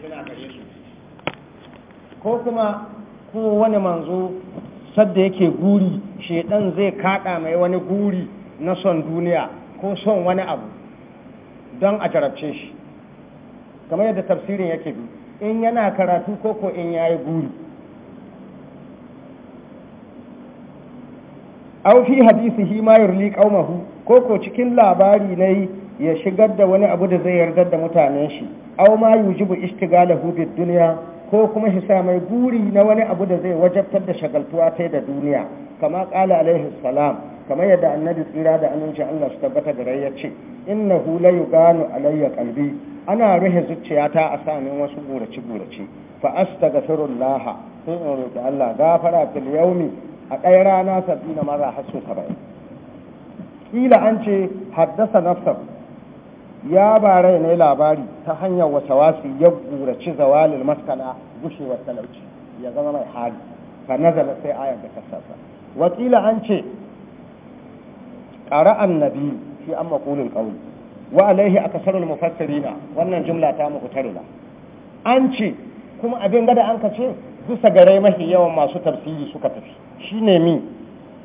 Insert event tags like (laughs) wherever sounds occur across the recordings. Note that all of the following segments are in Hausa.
Ko gare ko kuma kowane manzo sadda yake guri shedan zai kaɗa mai wani guri na son duniya ko son wani abu don a jarabce shi kamar yadda tafsirin yake bi in yana karatu ko ko in yayi guri aw hadisi hadisihi ma yurli qaumahu ko ko cikin labari nayi ya shigar da wani abu da zai yardar da mutanen shi aw ma yujibu istigalahu bid dunya ko kuma shi sa mai guri na wani abu da zai wajabtar da shagaltuwa ta da duniya kama kala alaihi salam kamar yadda annabi tsira da aminci Allah su tabbata gare ya ce innahu la yuganu alayya qalbi ana ruhe zuciyata a sanin wasu gurace gurace fa astaghfirullah sai in roki Allah gafara fil yawmi a ɗaya rana sabina mara hasu bai kila an ce haddasa nafsahu ya ba rai ne labari ta hanyar wasu ya guraci zawalin maskana gushewar talauci ya zama mai hali fa nazala sai ayar da kasasa wakila an ce ƙara annabi shi an makulin ƙauni wa alaihi a kasarul mufassirina wannan jumla ta muku tarila an ce kuma abin gada an ka ce bisa gare mafi yawan masu tafsiri suka tafi Shi ne mi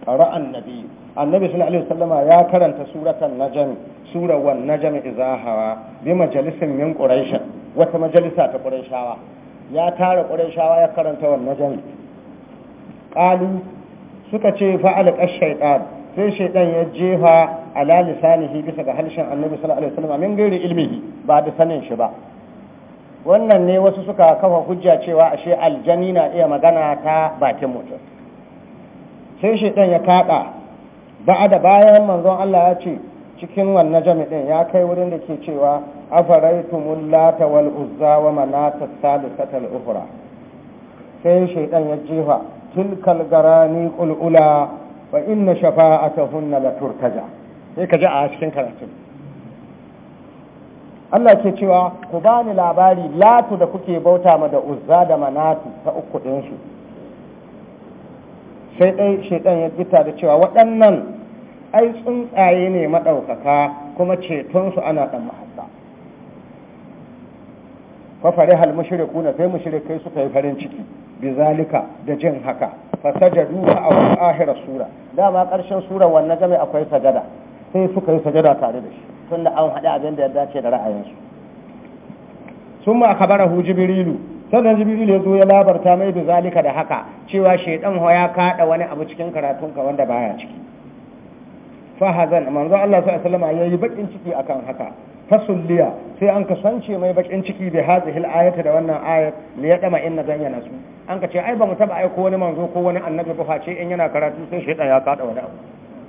ra'an nabi annabi sallallahu alaihi wasallama ya karanta suratan najm sura wan najm idza hawa bi majalisin min quraish wata majalisa ta quraishawa ya tara quraishawa ya karanta wan najm qalu suka ce fa'al ash-shaytan sai shaytan ya jefa ala lisanihi bisa ga halshen annabi sallallahu alaihi wasallama min gairi ilmihi ba da sanin shi ba wannan ne wasu suka kafa hujja cewa ashe aljani na iya magana ta bakin mutum sai shaidan ya kaɗa ba da bayan manzon Allah ya ce cikin wannan jami'in ya kai wurin da ke cewa afaraitumul lata wal uzza wa manata salisata al ukhra sai shaidan ya jefa tilkal garani shafa wa inna shafa'atahunna la turtaja sai ka ji a cikin karatu Allah ke cewa ku bani labari latu da kuke bauta ma da uzza da manatu ta uku ɗinsu sai dai shaidan ya gita da cewa waɗannan ai tsuntsaye ne maɗaukaka kuma cetonsu ana ɗan mahabba fafare hal mushriku sai mushrikai suka yi farin ciki bizalika da jin haka fasajadu fa a ahirar sura dama ƙarshen sura wannan game akwai sajada sai suka yi sajada tare da shi tunda an haɗe abin da ya dace da ra'ayinsu sun ma kabarahu jibrilu sannan jibril ya zo ya labarta mai da zalika da haka cewa shaidan ho ya kada wani abu cikin karatunka wanda baya ciki fahazan manzo Allah sallallahu alaihi wasallam yayi bakin ciki akan haka fasulliya sai an kasance mai bakin ciki da hazihil ayata da wannan ayat li yadama inna zan yana su an ka ai ba mu taba aiko wani manzo ko wani annabi ba face in yana karatu sai shaidan ya kada wani abu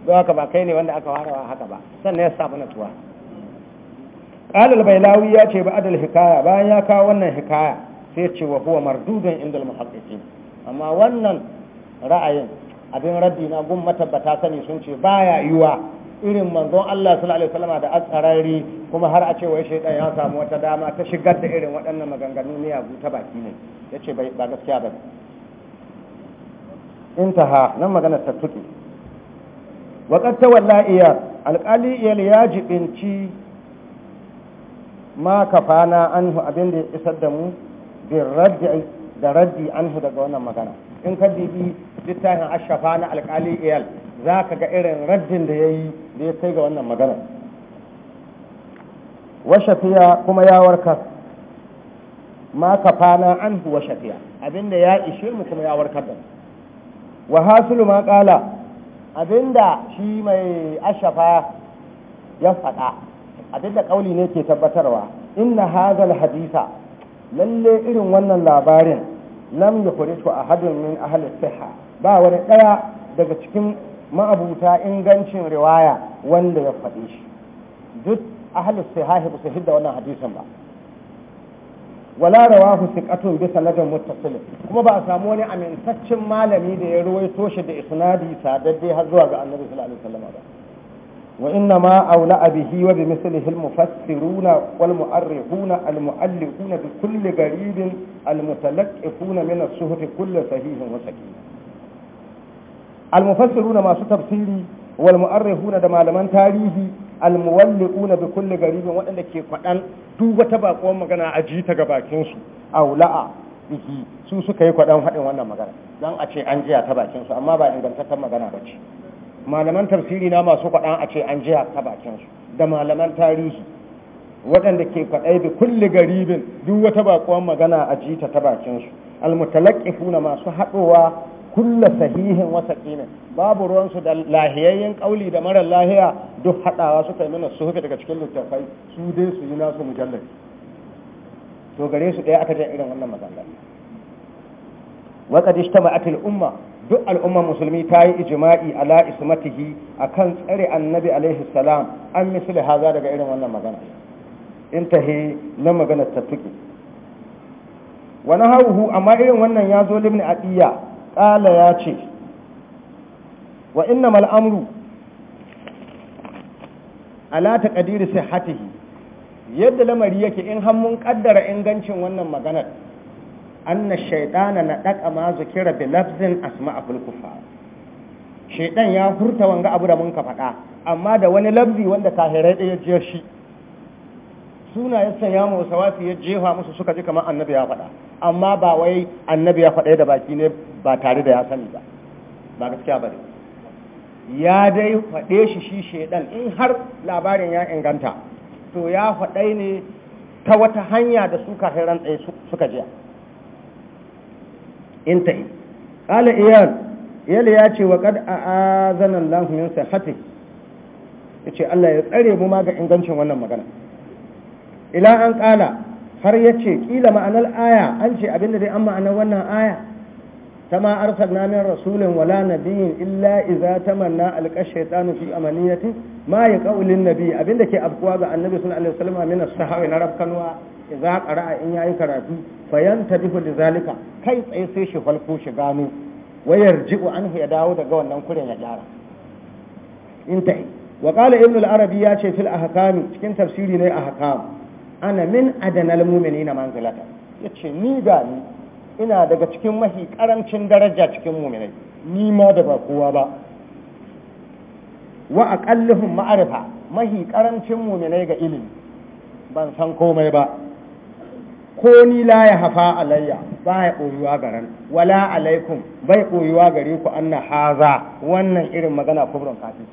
don haka ba kai ne wanda aka wa haka ba sannan ya samu natuwa qala al-bailawi ya ce ba adal hikaya bayan ya kawo wannan hikaya sai ce wa huwa inda al muhaqqiqin amma wannan ra'ayin abin raddi na gun matabbata sani sun ce baya yiwa irin manzon Allah sallallahu alaihi wasallam da asarari kuma har a ce wai shaydan ya samu wata dama ta shigar da irin waɗannan maganganu ne ya ta baki ne yace bai ba gaskiya ba intaha nan magana ta tuki wa qad tawalla iya alqali yal yajibinci ma kafana anhu abin da ya isar da mu bin da raddi anhu daga wannan magana in ka dibi littafin ashafa na alkali iyal za ka ga irin raddin da ya yi da ya kai ga wannan magana wa shafiya kuma ya warkar ma kafana anhu wa shafiya abinda ya ishe mu kuma ya warkar da wa hasulu ma kala abinda shi mai ashafa ya faɗa abinda kauli ne ke tabbatarwa inna hadal hadisa lalle irin wannan labarin lam a hadin min ahli sihha ba wani ɗaya daga cikin ma'abuta ingancin riwaya wanda ya faɗi shi duk ahli siha ba su hidda wannan hadisin ba wala rawahu bisa bi sanadin muttasil kuma ba a samu wani amintaccen malami da ya ruwaito shi da isnadi sadaddai har zuwa ga annabi sallallahu alaihi wasallam ba وإنما أولى به وبمثله المفسرون والمؤرخون المؤلفون بكل قريب المتلقفون من الصحف كل صحيح وسكين المفسرون ما تفسيري والمؤرخون da malaman tarihi almuwalliquna bi kulli garibin waɗanda ke kwaɗan duk wata baƙuwar magana a ji ta bakin su aula'a bihi su suka yi kwaɗan haɗin wannan magana don a ce an jiya ta bakin su amma ba ingantaccen magana ba ce malaman tafsiri na masu kwaɗan a ce an jiya ta bakinsu da malaman tarihi waɗanda ke kwaɗai da kulle garibin duk wata baƙon magana a jita ta bakinsu na masu haɗowa kulla sahihin wasa ƙinin babu ruwansu da lahiyayyen ƙauli da marar lahiya duk haɗawa suka yi mana su daga cikin littattafai su dai su yi nasu mujallar to gare su ɗaya aka jan irin wannan magana وقد اجتمعت umma. duk al'ummar musulmi ta yi ijma'i ala ismatihi akan tsare annabi alaihi salam an misali haza daga irin wannan magana intahi na magana tattuki wani hauhu amma irin wannan ya zo limni adiya ƙala ya ce wa inna mal'amru ala ta ƙadiri sai hatihi yadda lamari yake in hannun ƙaddara ingancin wannan maganar anna shaitana na daka ma zukira bi lafzin asma'ul kufar ya furta wanga abu da mun ka faɗa amma da wani lafzi wanda kahirai da ya shi suna ya sanya mu sawafi jefa musu suka ji kamar annabi ya faɗa amma ba wai annabi ya faɗa da baki ne ba tare da ya sani ba ba gaskiya ya dai faɗe shi shi shaiɗan in har labarin ya inganta to ya faɗai ne ta wata hanya da su kahiran suka jiya intahi qala iyal yali ya ce wa qad a'azana Allah min sihhati yace Allah ya tsare mu ma ingancin wannan magana ila an qala har yace kila ma'anar aya an ce abinda dai an ma'ana wannan aya ta ma arsalna min rasulin wala nabiyyin illa idza tamanna alqa shaytanu fi amaniyati ma yaqulu an-nabi abinda ke afkuwa ga annabi sallallahu alaihi wasallam min as na rafkanwa a ƙara'a in ya yi karatu fayantabihu zalika kai tsaye sai shi falko shi gano wayar ji'u an ya dawo daga wannan kuren ya gyara ta wa qala ibn al-arabi ya ce fil ahkam cikin tafsiri ne ahkam ana min adanal mu'minina manzilata yace ni ga ni ina daga cikin mahi karancin daraja cikin mu'minai ni ma da ba kowa ba wa aqalluhum ma'rifa mahi karancin mu'minai ga ilimi ban san komai ba ko ni la ya hafa alayya ba ya ɓoyuwa garan wala alaikum bai koyuwa gare ku anna haza wannan irin magana kubron kafin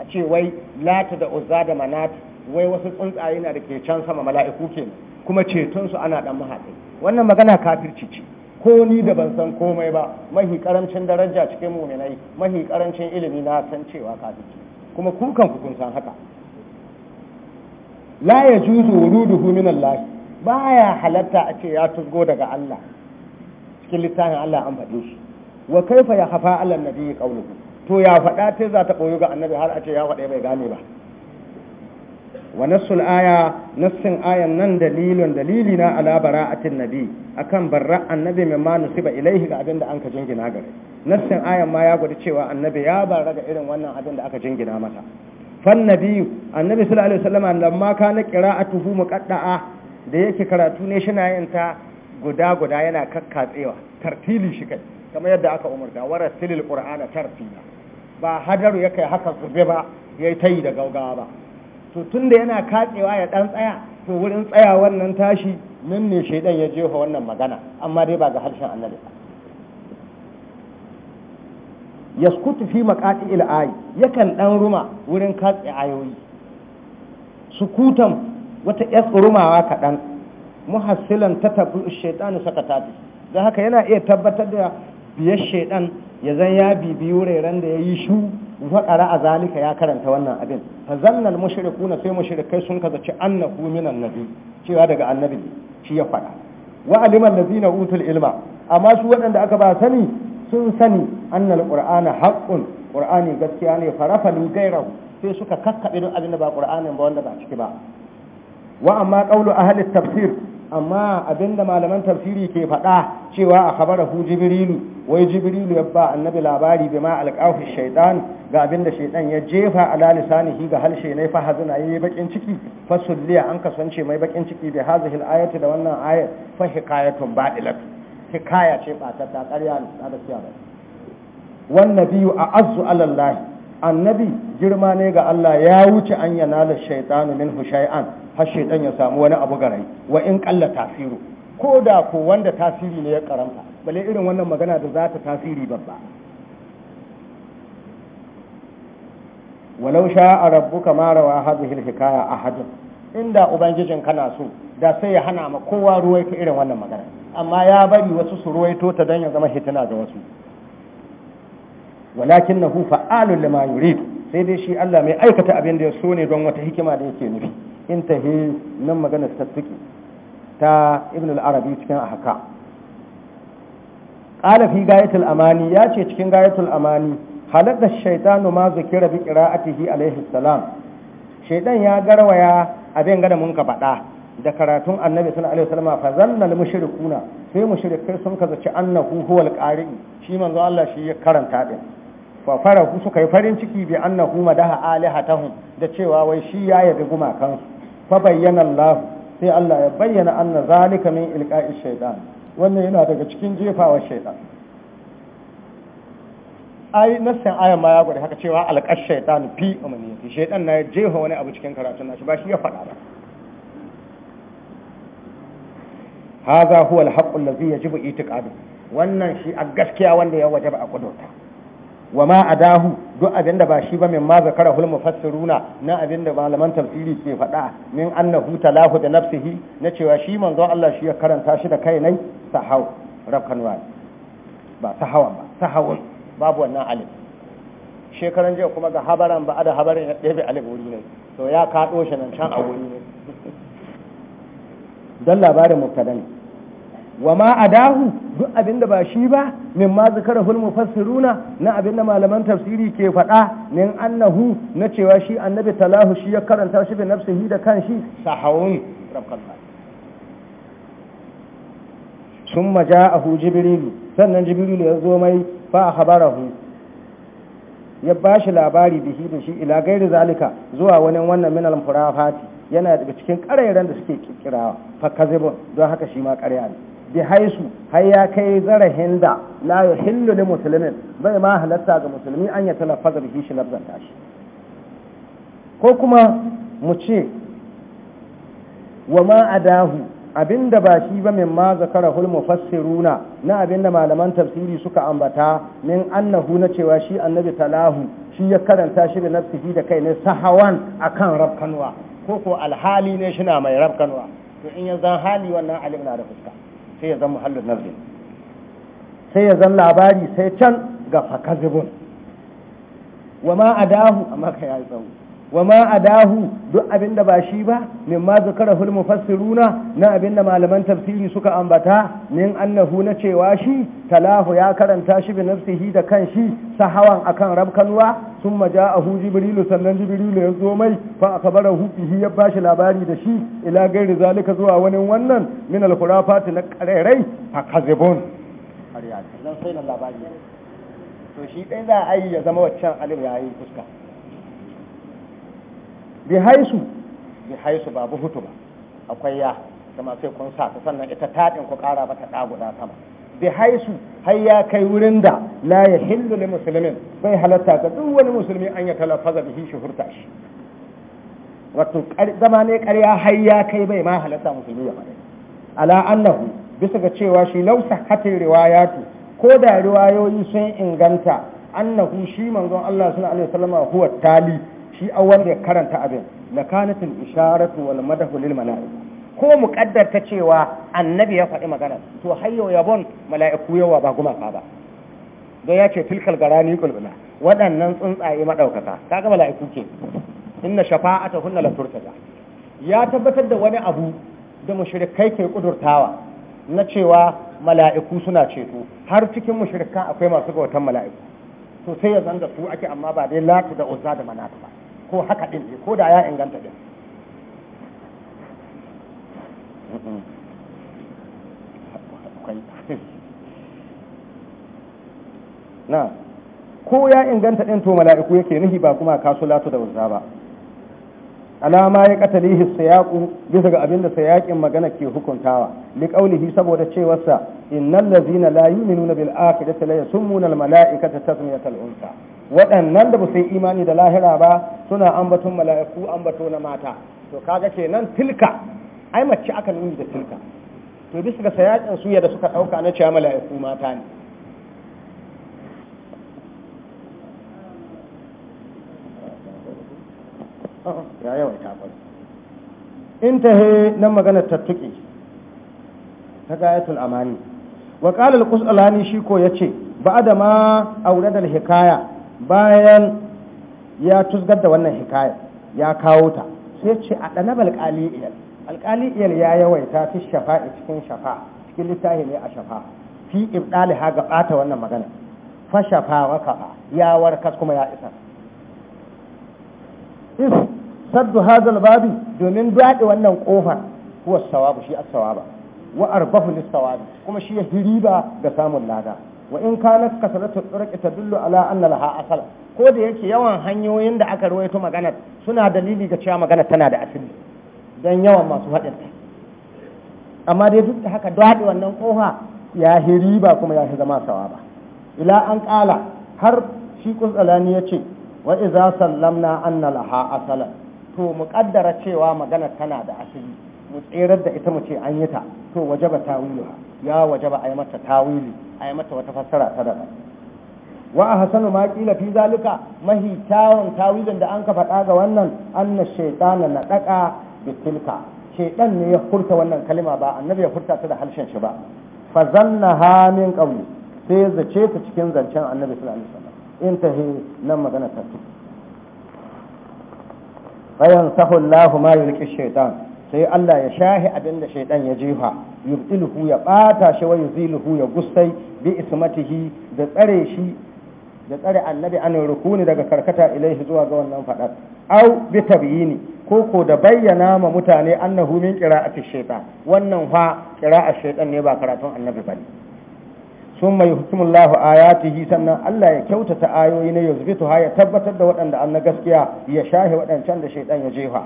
a ce wai lata da uzza da manat wai wasu tsuntsaye na da ke can sama mala'iku ke kuma su ana dan mahadi wannan magana kafirci ce ko ni da ban san komai ba mahi karancin daraja cikin muminai mahi karancin ilimi na san cewa kafirci kuma kukan ku kun san haka la yajuzu wuruduhu min Allah Ba ya halatta a ce ya tusgo daga Allah cikin littafin Allah an faɗe shi wa kaifa ya hafa ala nabi qauluhu to ya faɗa ta za ta koyo ga annabi har a ce ya faɗa bai gane ba wa nassul aya nassin ayan nan dalilun dalili na ala bara'atin nabi akan barra annabi mai ma nusiba ilaihi ga abin da an ka jingina gare nassin ayan ma ya gwada cewa annabi ya bara ga irin wannan abin da aka jingina masa fan nabi annabi sallallahu alaihi wasallam lamma kana qira'atuhu muqadda'a da yake karatu ne shi na yin ta guda-guda yana kakkatsewa tartili shi kai kama yadda aka umarta wara tilil qur'ana tartila ba hadaru ya kai haka zube ba ya yi tayi da gaugawa ba to tunda yana katsewa ya ɗan tsaya to wurin tsaya wannan tashi nan ne shaidan ya jefa wannan magana amma dai ba ga harshen annabi ba yaskutu fi maqati il'ai yakan dan ruma wurin katse ayoyi sukutan wata yas tsurumawa kaɗan muhassilan ta shaitani suka tafi don haka yana iya tabbatar da biyar shaidan ya zan ya bibi wuraren da ya yi shu faɗara a zalika ya karanta wannan abin fa zannal na sai mushrikai sun kazaci annahu minan nabi cewa daga annabi shi ya faɗa wa aliman ladina utul ilma amma su waɗanda aka ba sani sun sani annal qur'ana haqqun qur'ani gaskiya ne farafa ni gairahu sai suka kakkabe don abin da ba qur'anin ba wanda ba ciki ba wa amma qawlu ahli tafsir amma abinda malaman tafsiri ke faɗa cewa a khabarahu jibrilu wai jibrilu ya ba annabi labari ma alqafi shaytan ga abinda shaytan ya jefa ala lisanihi ga halshe ne fa hazina yayi bakin ciki fa sulliya an kasance mai bakin ciki bi hazihi alayati da wannan ayat fa hikayatun badilat hikaya ce ba ta ƙarya ne da kiya ba wan nabiyyu a'azzu ala allah annabi girma ne ga Allah ya wuce an yanala shaytanu min hushayan har shaitan ya samu wani abu garai wa in kalla tasiru ko da ko wanda tasiri ne ya karanta bale irin wannan magana da za ta tasiri babba walau sha a rabbuka ma rawa hadhihi alhikaya ahadun inda ubangijin kana so da sai ya hana ma kowa ruwaito irin wannan magana amma ya bari wasu su ruwaito ta don ya zama hitina ga wasu walakin na hufa alun lima yurid sai dai shi Allah mai aikata abin da ya so ne don wata hikima da yake nufi intahi nan magana tattuki ta ibn al-arabi cikin ahaka qala fi gayatul amani ya ce cikin gayatul amani halaka shaytanu ma zikira bi qira'atihi alayhi salam shaytan ya garwaya abin gada mun ka fada da karatun annabi sallallahu alaihi wasallam fa zanna al mushrikuna sai mushrikai sun kazaci annahu huwal shi manzo Allah shi ya karanta din fa ku suka yi farin ciki bi annahu madaha alihatahum da cewa wai shi ya yabi gumakansu fa bayyana Allah sai Allah ya bayyana anna zalika min ilqa'i shaytan wannan yana daga cikin jefawa shaytan ai san ayan ma ya gode haka cewa alqash shaytan fi umniyati shaytan na jefa wani abu cikin karatun nashi ba shi ya fada ba hadha huwa alhaqqu alladhi yajibu itiqadu wannan shi a gaskiya wanda ya wajaba a kudurta wa ma adahu duk abin da ba shi ba min ma zakara hul mufassiruna na abin da malaman tafsiri ke faɗa min annahu talahu da nafsihi na cewa shi manzon Allah shi ya karanta shi da kai nai sahau wa ba sahawan ba sahawun babu wannan alif shekaran jiya kuma ga habaran ba da habarin ya ɗebe alif wuri ne to ya kaɗo shi nan can a wuri ne (laughs) don labarin mubtada ne wa ma adahu duk abin da ba shi ba min ma zakarahul mufassiruna na abin da malaman tafsiri ke faɗa min annahu na cewa shi annabi talahu shi ya karanta shi bi nafsihi da kanshi sahawun rabballah summa ja'ahu jibrilu sannan jibrilu ya zo mai fa akhbarahu ya bashi labari bihi da shi ila gairi zalika zuwa wani wannan min al yana daga cikin ƙarairan da suke kirkirawa fa kazibun don haka shi ma ƙarya ne bi haisu har ya kai zarahin da la yuhillu li muslimin bai ma halatta ga musulmi an ya talaffaza bihi shi shi ko kuma mu ce wa ma adahu abinda ba shi ba min ma zakarahul mufassiruna na abinda malaman tafsiri suka ambata min annahu na cewa shi annabi talahu shi ya karanta shi da nafsihi da kai ne sahawan akan rabkanwa ko ko alhali ne shi na mai rabkanwa to in ya zan hali wannan alim na da fuska sai ya zama muhallin nazari sai ya zan labari sai can ga fakazibun wa ma adahu amma ka yi tsawo wa ma adahu duk abin da ba shi ba min ma zakara hul mufassiruna na abin da malaman tafsiri suka ambata min annahu na cewa shi talahu ya karanta shi bi nafsihi da kanshi sahawan akan rabkanwa summa ja'ahu jibrilu sannan jibrilu ya zo mai fa akbarahu bihi ya bashi labari da shi ila gairi zalika zuwa wani wannan min al khurafati na qarairai fa kazibun sai labari to shi dai za a yi ya zama waccan alim yayi fuska bi haisu bi haisu ba buhutu ba akwai ya kuma sai kun sa ta sannan ita taɗin ku ƙara mata ɗa sama bi haisu har ya kai wurin da la ya hillu li musulmin bai halatta ga duk wani musulmi an ya talafaza bihi shuhurta shi wato zama ne ƙarya har ya kai bai ma halatta musulmi ya faɗi ala annahu bisa ga cewa shi lausa hatin riwayatu ko da riwayoyi sun inganta annahu shi manzon Allah sallallahu alaihi wasallam huwa tali shi a wanda ya karanta abin na kanatin isharatu wal madahu lil mala'i ko muqaddar ta cewa annabi ya faɗi magana to hayyo yabon mala'iku yawa ba gumaka ba don ya ce tilkal garani kulbina waɗannan tsuntsaye madaukaka ga mala'iku ke inna shafa'ata hunna la turtaja ya tabbatar da wani abu da mushrikai ke kudurtawa na cewa mala'iku suna ceto har cikin mushrikan akwai masu gautan mala'iku to sai ya zanga su ake amma ba dai lati da uzza da manatu ba ko haka ɗin ne ko da ya inganta ɗin na ko ya inganta ɗin to mala'iku yake nihi ba kuma kasulatu da wuzza ba alama ya katalihi sayaqu bisa ga abinda sayakin magana ke hukuntawa li qaulihi saboda cewarsa innal ladzina la yu'minuna bil akhirati la yasmuna al mala'ikata tasmiyatal unsa waɗannan da ba su imani da lahira ba suna ambaton mala'iku ambato na mata to kaga kenan tilka ai mace aka nuni da tilka to bisa ga sayakin suya da suka ɗauka na cewa mala'iku mata ne ya yawaita ƙwai in ta he nan magana tattuki ta gayatul amani wa ƙalal kusalani shi ko ya ce ba da ma aure da hikaya bayan ya tusgar da wannan hikaya ya kawo ta sai ce a ɗanab alƙali'iyar alƙali'iyar ya yawaita fi a cikin shafa cikin littafi ne a shafa fi ibdali ha ga ɓata wannan magana fa shafa wa kafa ya warkas kuma ya isa is saddu hadal babi domin daɗe wannan ƙofar huwa sawabu shi as-sawaba wa arbahu lis-sawabi kuma shi ya riba ga samun lada wa in kana kasalatu turqi tadullu ala anna laha asala ko da yake yawan hanyoyin da aka rawaito maganar suna dalili ga cewa magana tana da asali dan yawan masu haɗin amma dai duk da haka daɗe wannan ƙofa ya riba kuma ya zama sawaba ila an ƙala har shi kusalani ya ce wa iza sallamna anna laha asala to mu cewa magana tana da asali mu tsirar da ita mu ce an yi ta to wajaba tawiluha ya wajaba yi mata tawili yi mata wata fassara ta daga wa ahsanu ma qila fi zalika mahi tawun tawilin da an ka faɗa ga wannan anna shaytana na daka bi tilka shaytan ne ya furta wannan kalma ba annabi ya furta ta da harshen shi ba fa zannaha min qawli sai zace ta cikin zancen annabi sallallahu alaihi wasallam intahi nan magana ta ce bayan sahullahu ma yulki shaitan sai Allah ya shahi abin da shaidan ya jefa yubtiluhu ya bata shi wa yuziluhu ya gustai bi ismatihi da tsare shi da tsare annabi an rukuni daga karkata ilaihi zuwa ga wannan fadar au bi tabyini ko ko da bayyana ma mutane annahu min qira'ati shaitan wannan fa qira'at shaitan ne ba karatun annabi bane tun mai a ya ayatihi sannan Allah ya kyautata ayoyi na yuzbitu ha ya tabbatar da waɗanda an na gaskiya ya shahe waɗancan da shaiɗan ya jefa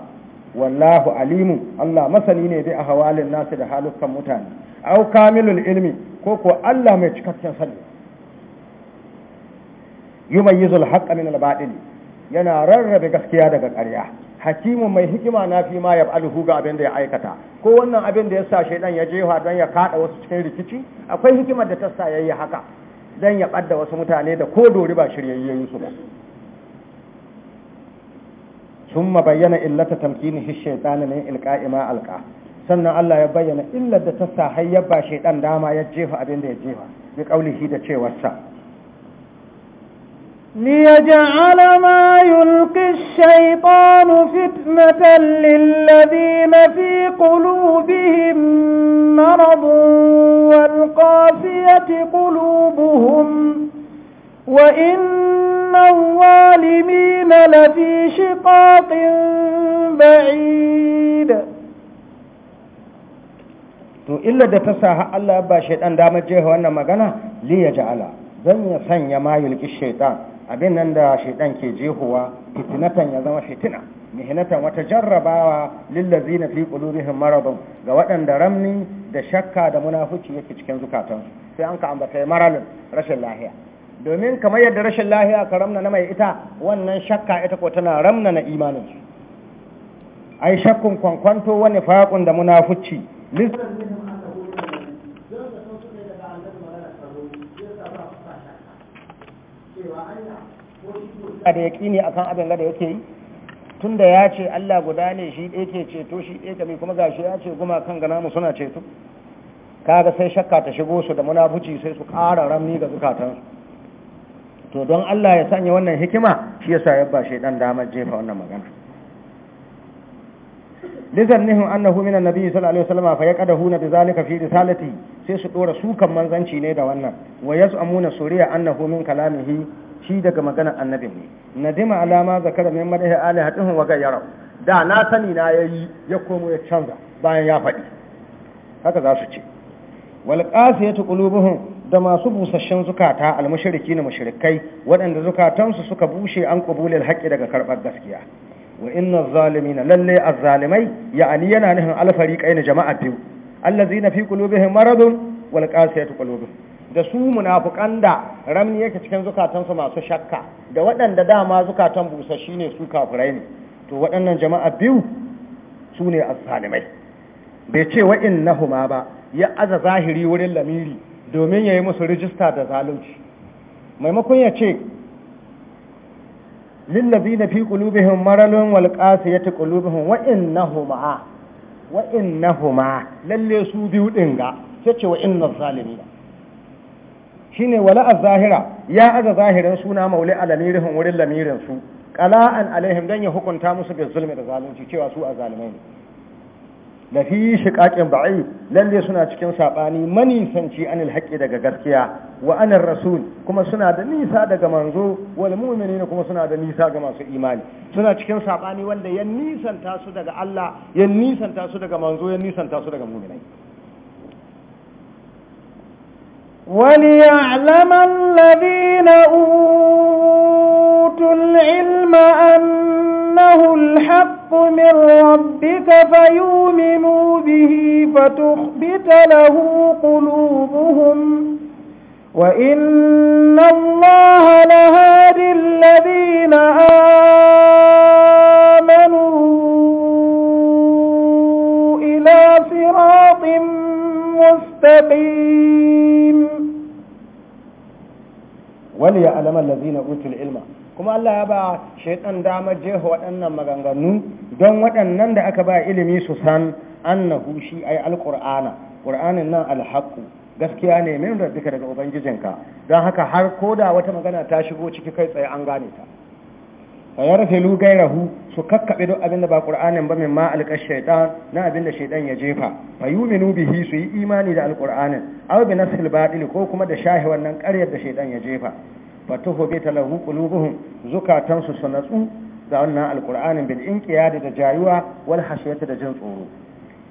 wallahu alimu Allah masani ne bai a hawalin nasu da halukan mutane au kamilul ilmi ko ko Allah mai cikakken sani yumayyizul haqqa min al yana rarrabe gaskiya daga ƙarya hakimun mai hikima na fi ma ya alhu ga abin da ya aikata ko wannan abin da ya sa shaidan ya jefa don ya kada wasu cikin rikici akwai hikimar da ta sa yi haka don ya ɓadda wasu mutane da ko dori ba shiryayyen su ba ma bayyana illata shi shaidanin min ilka ima alka sannan Allah ya bayyana illar da ta sa hayyar ba shaidan dama ya jefa abin da ya jefa bi kaulihi da cewarsa ليجعل ما يلقي الشيطان فتنة للذين في قلوبهم مرض والقاسية قلوبهم وإن الظالمين لفي شقاق بعيد to illa da ta sa Allah ba shaidan damar jefa wannan magana li ya ja'ala zan ya sanya ma yulki shaitan abin nan da shaidan ke jehuwa fitinatan ya zama fitina mihinatan wata jarrabawa lillazina na fi qulubihim maradun ga waɗanda ramni da shakka da munafuci yake cikin zukatansu sai an ka ambata maralin rashin lahiya domin kamar yadda rashin lahiya ka ramna na mai ita wannan shakka ita ko tana ramna na imanin ai shakkun kwankwanto wani faƙun da munafuci lillazina a da yaƙini akan abin da yake yi tunda ya ce Allah guda ne shi ɗaya ke ceto shi ɗaya kame kuma gashi ya ce guma kan gana mu suna ceto kaga sai shakka ta shigo su da munafuci sai su ƙara ramni ga zukatansu to don Allah ya sanya wannan hikima shi yasa ya ba dan damar jefa wannan magana lizannihim annahu min annabi sallallahu alaihi wasallam fa da bizalika fi risalati sai su dora sukan manzanci ne da wannan wa yas'amuna suriya annahu min kalamihi shi daga magana annabi ne na dima alama zakara min madahi alihatihum wa gayyara da na sani na yi ya komo ya canza bayan ya faɗi haka za su ce wal qasiyatu qulubuhum da masu busasshen zukata al mushriki na mushrikai waɗanda zukatansu suka bushe an qabulil haqqi daga karɓar gaskiya wa inna na lalle azzalimai ya'ani yana nufin alfari na jama'a biyu na fi qulubihim maradun wal qasiyatu qulubuhum da su munafukan da ramni yake cikin zukatansu masu shakka da waɗanda dama zukatan busashi ne su kafirai ne to waɗannan jama'a biyu su ne assalimai bai ce wa'in huma ba ya aza zahiri wurin lamiri domin ya yi musu rijista da zalunci maimakon ya ce lillazi na fi kulubihin maralun walƙasa ya ta kulubihin wa'in nahuma wa'in huma lalle su biyu ɗin ga ce wa'in na zalimi shine wala az-zahira ya aza zahirin suna mauli a lirihin wurin lamirin su qala'an alaihim dan ya hukunta musu bil zulmi da zalunci cewa su azalimai ne la fi shiqaqin ba'i lalle suna cikin sabani manisanci anil haqqi daga gaskiya wa anar rasul kuma suna da nisa daga manzo wal mu'minin kuma suna da nisa ga masu imani suna cikin sabani wanda ya nisanta su daga Allah ya nisanta su daga manzo ya nisanta su daga mu'minai وليعلم الذين أوتوا العلم أنه الحق من ربك فيؤمنوا به فتخبت له قلوبهم وإن الله لهادي الذين آمنوا إلى صراط مستقيم wani ya alama lazina utul ilma kuma Allah ya ba shaitan damar jefa waɗannan maganganu don waɗannan da aka ba ilimi su san annahu shi ay alqur'ana qur'anin nan alhaqu gaskiya ne min rabbika daga ubangijinka don haka har ko da wata magana ta shigo ciki kai tsaye an gane ta warfilu gairahu su kakkaɓe duk abinda ba qur'anin ba min ma alƙar na abinda shaytan ya jefa fa yuminu bihi su yi imani da alƙur'anin aw bi nasil batil ko kuma da shahi wannan ƙaryar da shaytan ya jefa fa tuhbita lahu qulubuhum zukatan su sanatsu da wannan alƙur'anin bil inqiyad da jayuwa wal hasiyati da jin tsoro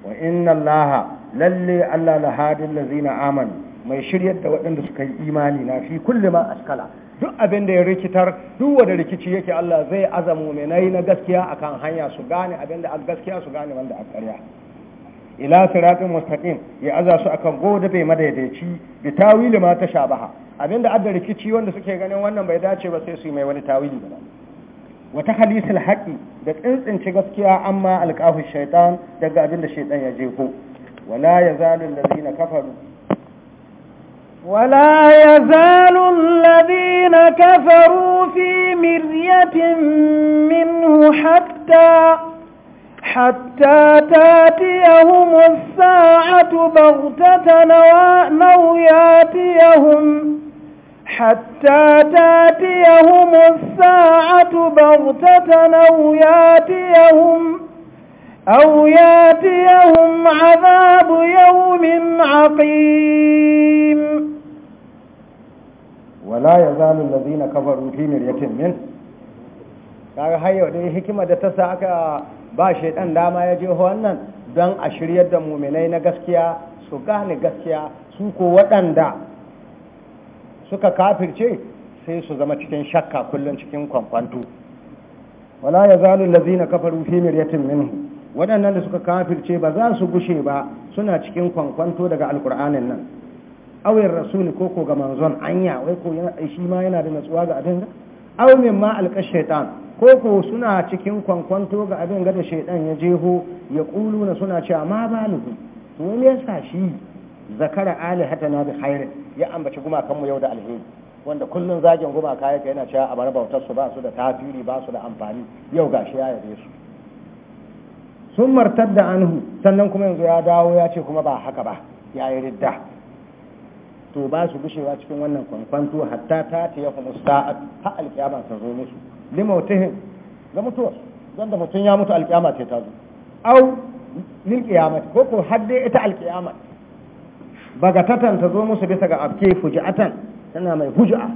wa inna allaha lalle allah lahadil ladzina amanu mai shiryar da waɗanda suka yi imani na fi kulli ma askala duk abin da ya rikitar duk wanda rikici yake Allah zai azamu mai nayi na gaskiya akan hanya su gane abin da gaskiya su gane wanda a karya. ila siratin mustaqim ya aza su akan goda bai madaidaici bi tawili ma ta shabaha abin da adda rikici wanda suke ganin wannan bai dace ba sai su yi mai wani tawili ba wata hadisul haƙƙi da tsintsince gaskiya amma alqahu shaitan daga abin da shaitan ya jefo wala yazalul ladina kafaru ولا يزال الذين كفروا في مرية منه حتى حتى تاتيهم الساعة بغتة أو ياتيهم حتى تاتيهم الساعة بغتة أو ياتيهم أو ياتيهم عذاب يوم عقيم wala ya zalu lazina kafaru fi miryatin min kaga har yau dai hikimar da ta sa aka ba shaidan dama ya je wannan don a shiryar da muminai na gaskiya su gane gaskiya su ko waɗanda suka kafirce sai su zama cikin shakka kullum cikin kwankwanto wala ya zalu lazina kafaru fi miryatin min waɗannan da suka kafirce ba za su gushe ba suna cikin kwankwanto daga alkur'anin nan awayar rasuli ko ko ga manzon anya wai ko shi ma yana da natsuwa ga abin ga aw min ma alqa shaytan ko ko suna cikin kwankwanto ga abin ga da shaytan ya jeho ya na suna cewa ma balugu to me yasa shi zakara ali hatana bi khairin ya ambaci gumakan mu yau da alheri wanda kullun zagin gumaka yake yana cewa a bar bautar su ba su da tasiri ba su da amfani yau gashi ya yabe su sun martar da anhu sannan kuma yanzu ya dawo ya ce kuma ba haka ba ya yi ridda to ba su gushewa cikin wannan kwankwanto hatta ta ce ya kuma sa'ad ha alkiyama ta zo musu limautihin ga mutuwa don da mutum ya mutu alkiyama ce ta zo au lil qiyamati ko ko hadde ita alkiyama bagatatan ta zo musu bisa ga abke fuji'atan tana mai fuji'a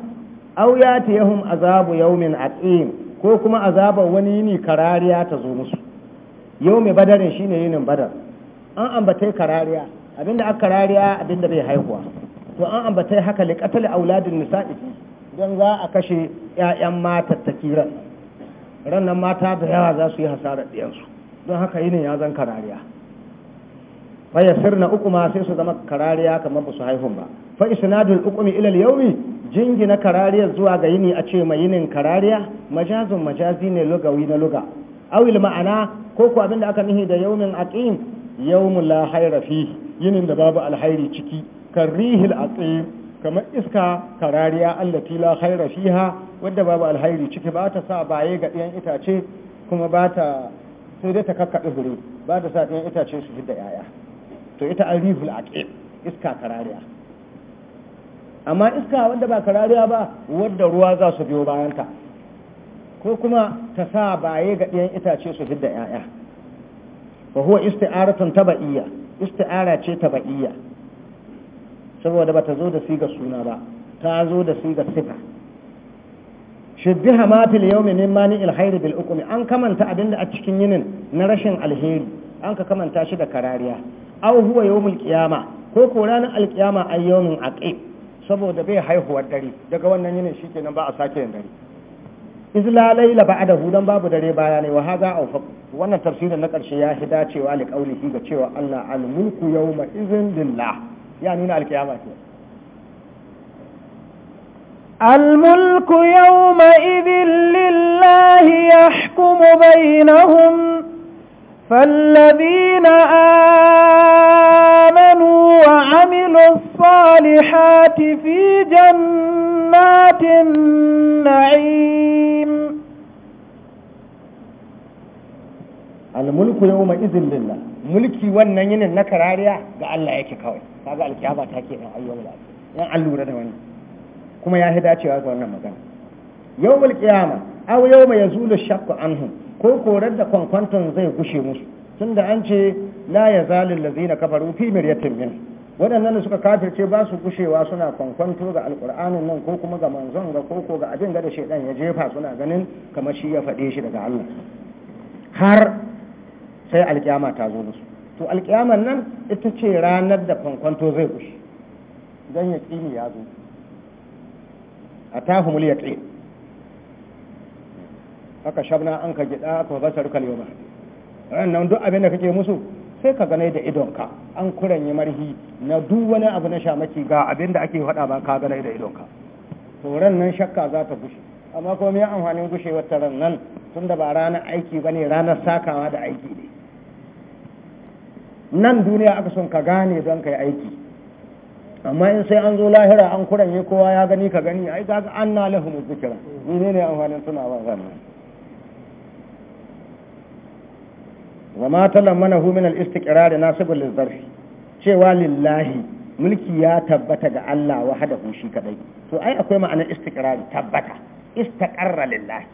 au ya ta yahum azabu yawmin aqim ko kuma azabar wani yini karariya ta zo musu yau mai badarin shine yinin badar an ambatai karariya abinda aka karariya abinda bai haihuwa to an ambata haka li qatl auladin nisa'i don za a kashe ƴaƴan matattaki ran ranan mata da yawa za su yi hasarar ɗiyansu don haka yinin ya zan karariya fa yasirna ma sai su zama karariya kamar ba su haihun ba fa isnadul ukumi ila al-yawmi jingina karariya zuwa ga yini a ce mai yinin karariya majazun majazi ne lugawi na luga awil ma'ana ko ko abinda aka nihi da yawmin aqim yawmul la hayra fi yinin da babu alhairi ciki karrihil atsir kamar iska karariya allati la khaira fiha wadda babu alhairi ciki ba ta sa baye ga ɗayan itace kuma ba ta sai dai ta kakkaɗe hure ba ta sa ɗayan itace su fidda yaya to ita arrihul aqib iska karariya amma iska wadda ba karariya ba wadda ruwa za su biyo bayanta ko kuma ta sa baye ga ɗayan itace su fidda yaya ba huwa isti'aratun taba'iyya isti'ara ce taba'iyya saboda ba ta zo da siga suna ba ta zo da siga sifa shubbiha ma fil yawmi min mani khair bil uqmi an kamanta abinda a cikin yinin na rashin alheri an ka kamanta shi da karariya aw huwa yawmul qiyama ko ko ranar alqiyama ay yawmin aqib saboda bai haihuwar dare daga wannan yinin shikenan ba a sake yin dare izla laila ba'dahu dan babu dare baya ne wa hadha awfaq wannan tafsirin na karshe ya hidacewa dacewa li qaulihi ga cewa Allah al mulku yawma idhin lillah ya mulku yau ma izin lillah ya xukumu bai na hun amanu wa amina salihati fi jan na'im. al mulku yau ma mulki wannan yinin na karariya ga Allah yake kawai. kaga alkiyama ta ke nan ayyuwar da in an da wani kuma ya fi dacewa ga wannan magana yawmul qiyama aw yawma yazulu shakku anhum ko korar da kwankwanton zai gushe musu tunda an ce la yazalu allazina kafaru fi miryatin min waɗannan da suka kafirce ba su gushewa suna kwankwanto ga alƙur'anin nan ko kuma ga manzon ga koko ga abin ga da shaidan ya jefa suna ganin kamar shi ya faɗe shi daga Allah har sai alƙiyama ta zo musu to alƙiyamar nan ita ce ranar da kwankwanto zai kushe don ya ƙini ya zo a tahumul ya ƙi aka shabna an ka gida aka basar ran nan duk abin da kake musu sai ka gane da idonka an yi marhi na duk wani abu na maki ga abin da ake faɗa ba ka gane da idonka to ran nan shakka za ta gushe amma kuma me amfanin gushewar wata ran nan tunda ba ranar aiki ba ne ranar sakawa da aiki ne nan duniya aka son ka gane don ka yi aiki amma in sai an zo lahira an kuranye kowa ya gani ka gani ai ga an na lahumu zikira ne ne amfanin suna ba zama wa ma talammanahu min al-istiqrar nasibul lizarfi cewa lillahi mulki ya tabbata ga Allah wahdahu shi kadai to ai akwai ma'anar istiqrar tabbata istaqarra lillahi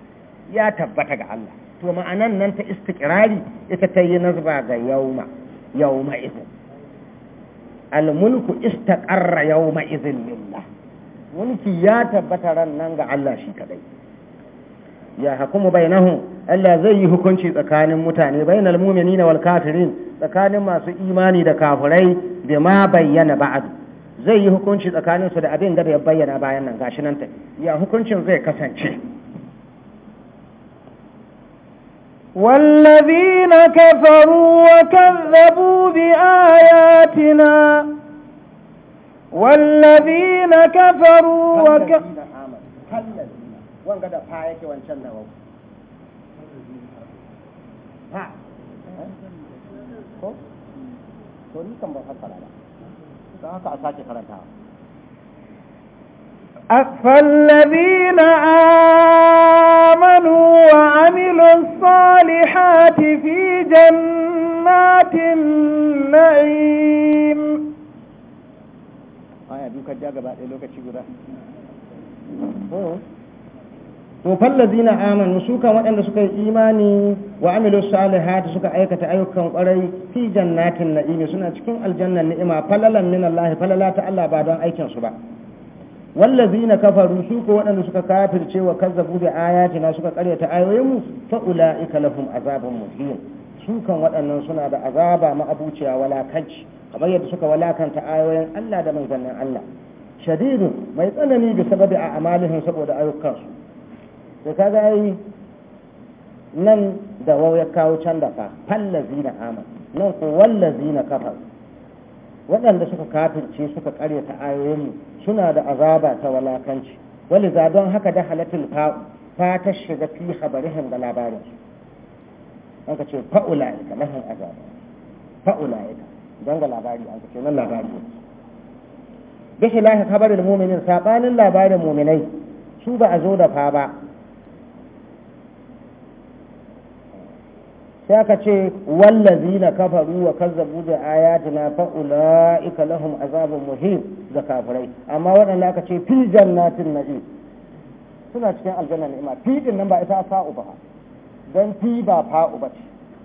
ya tabbata ga Allah to ma'anan nan ta istiqrari ita ta yi nazba ga yauma yawma'idh al-mulku istaqarra izin lillah mulki ya tabbata ran nan ga Allah shi kadai ya hukumu bainahu Allah zai yi hukunci tsakanin mutane bainal mu'minina wal kafirin tsakanin masu imani da kafirai bi ma bayyana ba'd zai yi hukunci tsakanin su da abin da ya bayyana bayan nan gashi nan ta ya hukuncin zai kasance والذين كفروا وكذبوا بآياتنا والذين كفروا وكذبوا na wau ha ko to kan sake karantawa فالذين آمنوا وعملوا الصالحات في جنات النعيم آية دوكا جاغا بعد لوكا شيغورا to fallazina amanu su kan waɗanda suka yi imani wa amilu salihati suka aikata ayyukan kwarai fi jannatin na'imi suna cikin aljannan ni'ima falalan min Allah falala ta Allah ba don aikin su ba wallazina kafaru su ko waɗanda suka kafirce wa kazzabu bi ayatina suka karyata ayoyinmu fa ulaika lahum azabun muhin su kan waɗannan suna da azaba ma'abuciya kanci kamar yadda suka walakanta ayoyin Allah da manzannin Allah shadidun mai tsanani bi sababi a amalihin saboda ayyukansu da kaga yi nan da wau ya kawo can da fa fallazina aman nan ko wallazina kafaru waɗanda suka kafirce suka karyata ayoyinmu suna da azaba ta walakanci wani za don haka da halatul ta shiga fi habarihin da labarin an ka ce fa'ula ika lahin azaba fa'ula don ga labari an ka ce nan labari da shi lahin habarin muminin saɓanin labarin muminai su ba a zo da fa ba sai aka ce na kafaru wa kazzabu bi ayatina fa ulaika lahum azabun muhim ga kafirai amma waɗanda aka ce fi jannatin na'im suna cikin aljanna ni'ima fi din nan ba ita fa'u ba don fi ba fa'u ba ce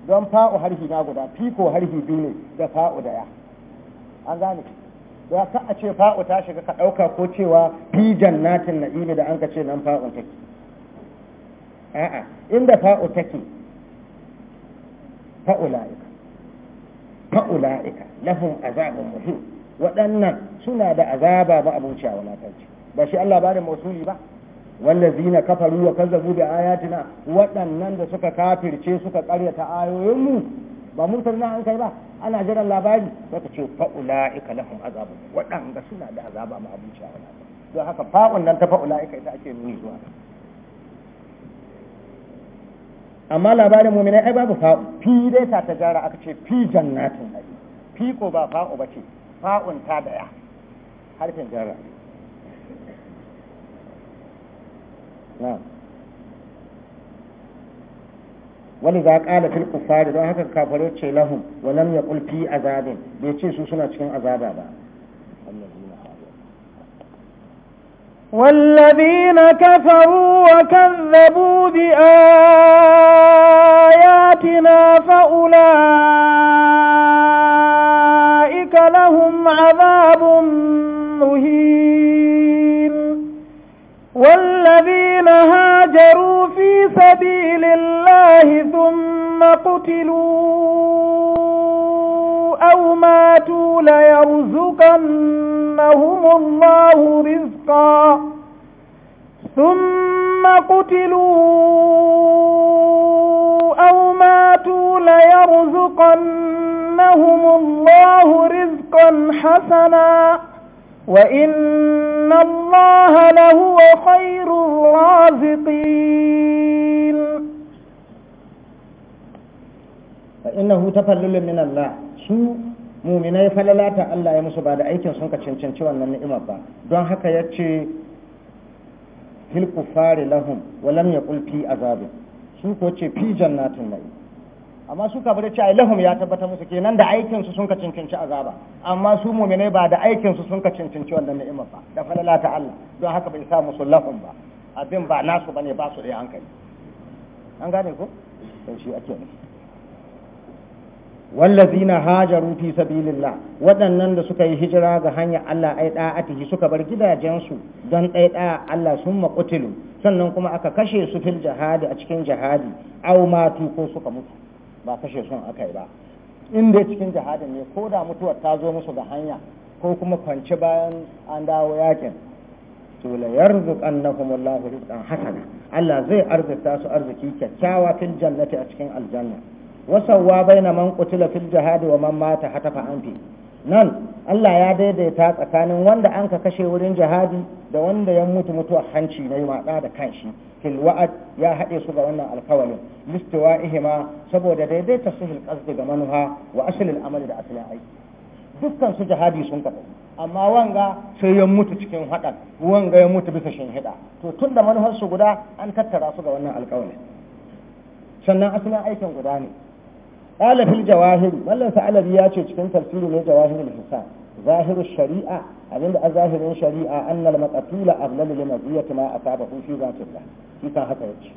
don fa'u harfi na guda fi ko harfi biyu ne da fa'u daya an gane ya ka a ce fa'u ta shiga ka ɗauka ko cewa fi jannatin na'imi da an ka ce nan fa'u take a'a inda fa'u take fa'ula'ika fa'ula'ika lahum azabun waɗannan suna da azaba ba abuciya wulatanci ba shi Allah ba da mausuli ba wallazina kafaru wa kazzabu bi ayatina waɗannan da suka kafirce suka ƙaryata ayoyinmu ba mun sanna an kai ba ana jiran labari sai ka ce fa'ula'ika lahum azabun waɗanda suna da azaba ma abuciya wulatanci don haka fa'un nan ta fa'ula'ika ita ake nuni amma labarin mu'minai ai babu fa'u fi dai ta ta gara aka ce fi jannatin nabi fi ko ba fa'u ba ce fa'un ta daya harfin jarra na wani za ƙala fil kufari don haka kafaro ce lahum wa lam yaqul fi azabin bai ce su suna cikin azaba ba والذين كفروا وكذبوا بآياتنا فأولئك لهم عذاب مهين والذين هاجروا في سبيل الله ثم قتلوا أو ماتوا ليرزقنهم الله رزقا ثم قتلوا أو ماتوا ليرزقنهم الله رزقا حسنا وإن الله لهو خير الرازقين fa innahu tafallulun min Allah su muminai falalata Allah ya musu ba da aikin sun ka cancanci wannan ni'imar ba don haka ya ce fil kufari lahum wa lam yaqul fi azab su ko ce fi jannatin na'i amma su ka bada ce ai lahum ya tabbata musu kenan da aikin su sun ka cancanci azaba amma su muminai ba da aikin su sun ka cancanci wannan ni'imar ba da falalata Allah don haka bai sa musu lahum ba abin ba nasu bane ba su da hankali an gane ko sai shi ake nufi wallazina hajaru fi sabilillah waɗannan da suka yi hijira ga hanyar Allah ai da'atihi suka bar gidajensu don ɗai da Allah sun maƙutilu sannan kuma aka kashe su fil jihadi a cikin jihadi au matu ko suka mutu ba kashe sun aka yi ba in dai cikin jihadi ne ko da mutuwar ta zo musu ga hanya ko kuma kwanci bayan an dawo yakin to la Allahu rizqan hasana Allah zai arzuta su arziki kyakkyawa fil jannati a cikin aljanna wasawwa baina man qutila fil jihad wa man mata hatafa anfi nan Allah ya daidaita tsakanin wanda an ka kashe wurin jihadi da wanda ya mutu mutuwar hanci na yi maɗa da kanshi fil wa'ad ya haɗe su ga wannan alkawalin listawa ihima saboda daidaita su hilkas ga manuha wa asalin amali da asalin aiki dukkan su jihadi sun kafa amma wanga sai ya mutu cikin haɗa wanga ya mutu bisa hida to tun da manuharsu guda an tattara su ga wannan alkawalin sannan asalin aikin guda ne qala jawahiri jawahir mallan sa'alabi ya ce cikin tafsiri ne jawahirul hisan zahiru shari'a abinda a zahirin shari'a annal maqtula aghlalu li maziyati ma asabahu fi zatillah shi kan haka yace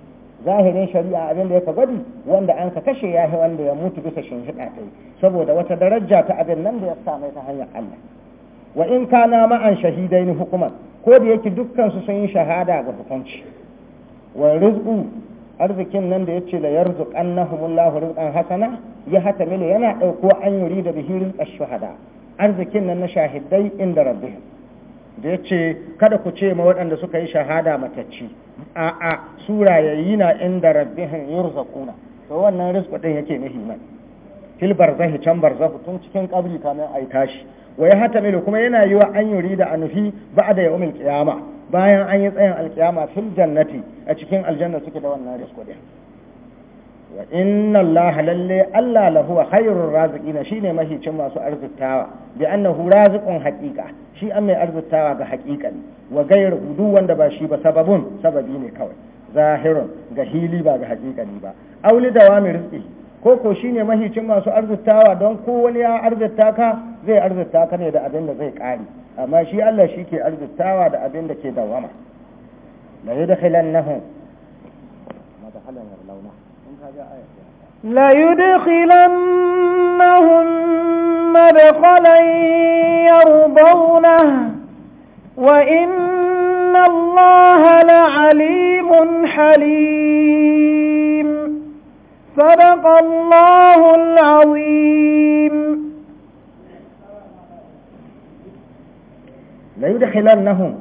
zahirin shari'a abinda yake gwadi wanda an ka kashe yahi wanda ya mutu bisa shinhiɗa ta saboda wata daraja ta abin nan da ya samu ta hanyar Allah wa in kana ma'an shahidain hukuman ko da yake dukkansu sun yi shahada ga hukunci wa rizqu arzikin nan da yace la yarzuq annahumullahu rizqan hasana ya hata hatamilu yana dauko an yuri da bihi rizqa shuhada arzikin nan na shahidai inda rabbih da yace kada ku ce ma waɗanda suka yi shahada matacci a a sura yi na inda rabbihim yurzaquna to wannan rizqu din yake muhimman fil barzahi can barzahu tun cikin kabri kamin ai tashi wa ya hatamilu kuma yana yi wa an yuri da anufi ba'da yawmil qiyamah bayan an yi tsayin alkiyama fil jannati a cikin aljanna suke da wannan risko din wa inna allaha lalle allah lahu khairur raziqina shine mahicin masu arzikawa bi annahu raziqun haqiqa shi an mai arzikawa ga ne. wa gairu duk wanda ba shi ba sababun sababi ne kawai zahirun ga hili ba ga ne ba auli wa rizqi ko ko shine mahicin masu arzikawa don ko wani ya arzikta ka zai arzikta ka ne da abin da zai kare amma shi Allah shi ke arziktawa da abin da ke dawama la yudkhilannahum madhalan launa in ka ga ayat la yudkhilannahum wa yardawnahu وإن الله لعليم حليم صدق الله العظيم ليدخلنهم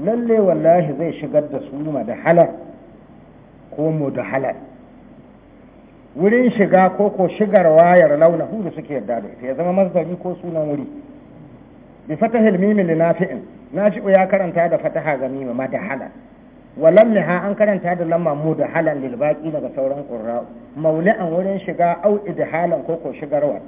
lalle wallahi zai shigar da su madahala ko mudahala wurin shiga ko ko shigar wayar launahu da suke yarda da ita ya zama masdari ko sunan wuri bi fatahil mimi li nafi'in nafi'u ya karanta da fataha ga mimi madahala wa ha an karanta da lamma mu da halan lil baqi daga sauran qurra an wurin shiga au idhalan ko ko shigarwa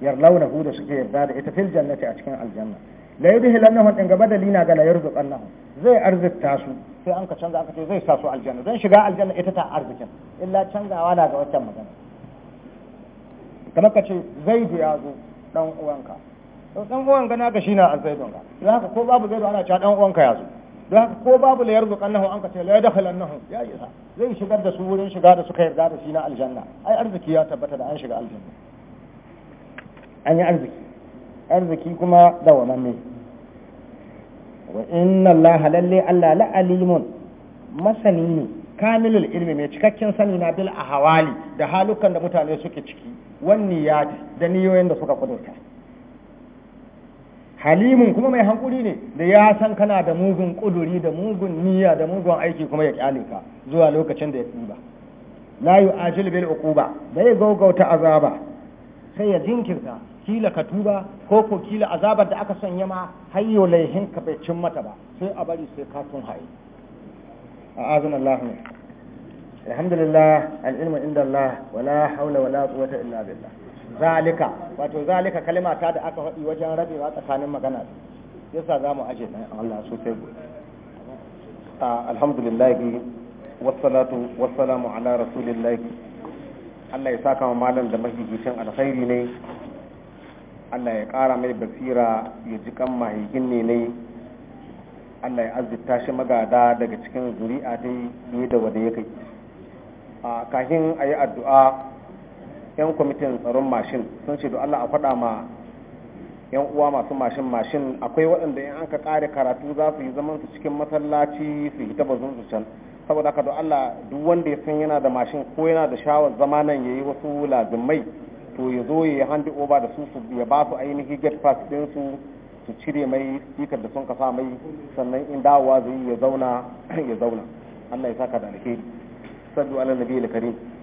yarlaunahu da suke yarda da ita fil jannati a cikin aljanna la yudhilannahum an gaba da lina ga la yarzuqannahum zai arzikta su sai an ka canza aka ce zai sa su aljanna don shiga aljanna ita ta arzikin illa canzawa na ga waccan magana kamar ka ce zaidu ya zo dan uwanka dan uwanka na ga shi na azaidon ga haka ko babu zaidu ana cewa dan uwanka ya zo don haka ko babu layar yarzuq annahu an kace la yadkhul annahu ya isa zai shigar da su wurin shiga da suka yarda da shi na aljanna ai arziki ya tabbata da an shiga aljanna an yi arziki arziki kuma da wa inna Allah lalle Allah la alimun masani ne kamilul ilmi mai cikakken sani na bil a hawali da halukan da mutane suke ciki wani ya da niyoyin da suka kudurta halimun kuma mai hankuri ne da ya san kana da mugun kuduri da mugun niyya da mugun aiki kuma ya kyale ka zuwa lokacin da ya tsiba la yu'ajil bil uquba bai gaugauta azaba sai ya jinkirta kila ka tuba ko ko kila azabar da aka sanya ma hayyo laihin ka bai cin mata ba sai a bari sai ka tun haye azuna Allah alhamdulillah al-ilmu inda Allah wala hawla wala quwwata illa billah zalika wato zalika kalma ta da aka faɗi wajen rabewa tsakanin magana yasa za mu aje dan Allah sai gobe alhamdulillah wassalatu wassalamu ala rasulillah Allah ya saka malam da mahigicin alkhairi ne Allah ya ƙara mai basira ya ji kan mahigin ne ne Allah ya azurta shi magada daga cikin zuri'a dai da wanda ya kai a yi ayi addu'a 'yan kwamitin tsaron mashin sun ce da Allah a faɗa ma 'yan uwa masu mashin mashin akwai waɗanda in an ka ƙare karatu za su yi zaman su cikin masallaci su yi tabazin su can saboda haka da Allah duk wanda ya san yana da mashin ko yana da shawar zama nan yi wasu lazimai to ya zo ya handi over da su su ya ba su ainihi get pass din su su cire mai speaker da sun ka sa mai sannan in dawowa zai ya zauna (clears throat) ya zauna Allah ya saka da alheri sallu ala nabiyil karim